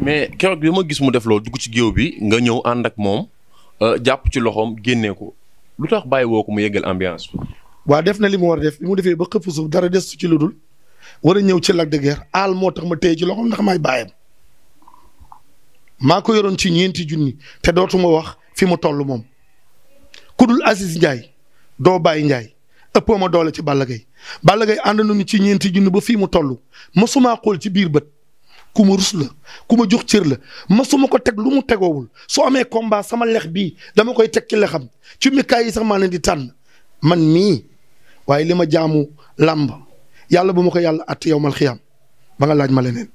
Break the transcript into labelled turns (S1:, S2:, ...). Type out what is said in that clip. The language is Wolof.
S1: mais keroog bi ma gis mu def loolu dugg ci géew bi nga ñëw ànd ak moom euh, jàpp ci loxoom génnee ko lu tax bàyyi woo ko mu yeggal ambiance bi.
S2: waa def na li mu war def bi mu defee ba xëpp suuf dara des ci lu dul war a ñëw ci Lac de Guiers aal moo tax ma téye ci loxoom ndax may bàyyam maa ko yoroon ci ñeenti junni te dootuma wax fi mu toll moom ku dul Aziz Ndiaye doo bàyyi Ndiaye ëppoo ma doole ci Balla Gaye Balla Gaye ànd nañu ci ñeenti junni ba fii mu toll mosuma xool ci biir bët ku rus la ku ma jox cër la ma su ma ko teg lu mu tegoowul soo amee combat sama lex bii dama koy teg ci lexam ci mikaay yi sax maa leen di tànn man mii waaye li ma jaamu làmb yàlla bu ma ko yàlla att yow mal xiyaam ba nga laaj ma leneen.